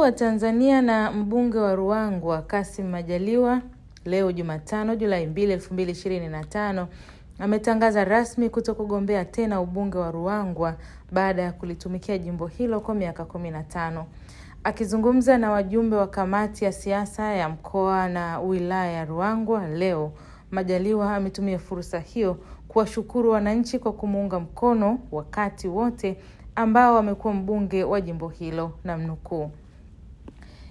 wa Tanzania na mbunge wa Ruangwa Kassim Majaliwa leo Jumatano Julai 2, 2025 ametangaza rasmi kutokugombea tena ubunge wa Ruangwa baada ya kulitumikia jimbo hilo kwa miaka 15. Akizungumza na wajumbe wa kamati ya siasa ya mkoa na wilaya ya Ruangwa leo, Majaliwa ametumia fursa hiyo kuwashukuru wananchi kwa kumuunga mkono wakati wote ambao amekuwa mbunge wa jimbo hilo, mnukuu: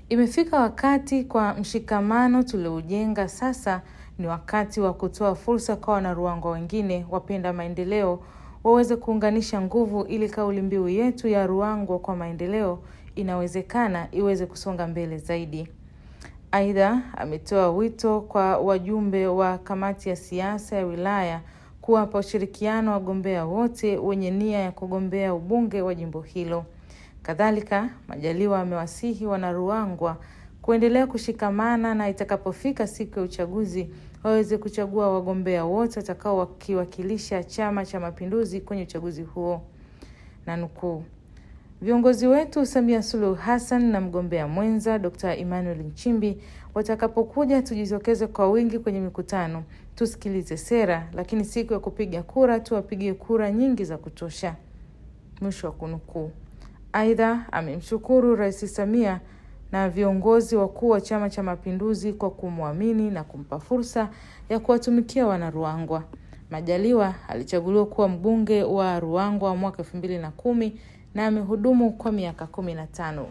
Imefika wakati kwa mshikamano tulioujenga sasa, ni wakati wa kutoa fursa kwa wanaruangwa wengine wapenda maendeleo waweze kuunganisha nguvu ili kauli mbiu yetu ya Ruangwa kwa maendeleo inawezekana iweze kusonga mbele zaidi. Aidha, ametoa wito kwa wajumbe wa kamati ya siasa ya wilaya kuwapa ushirikiano wagombea wote wenye nia ya kugombea ubunge wa jimbo hilo. Kadhalika, Majaliwa amewasihi wanaruangwa kuendelea kushikamana na itakapofika siku ya uchaguzi waweze kuchagua wagombea wote watakao wakiwakilisha Chama cha Mapinduzi kwenye uchaguzi huo, na nukuu, viongozi wetu Samia Suluhu Hassan na mgombea mwenza Dr. Emmanuel Nchimbi watakapokuja, tujitokeze kwa wingi kwenye mikutano, tusikilize sera, lakini siku ya kupiga kura tuwapigie kura nyingi za kutosha. Mwisho wa kunukuu. Aidha, amemshukuru Rais Samia na viongozi wakuu wa Chama cha Mapinduzi kwa kumwamini na kumpa fursa ya kuwatumikia wana Ruangwa. Majaliwa alichaguliwa kuwa mbunge wa Ruangwa mwaka elfu mbili na kumi na amehudumu kwa miaka kumi na tano.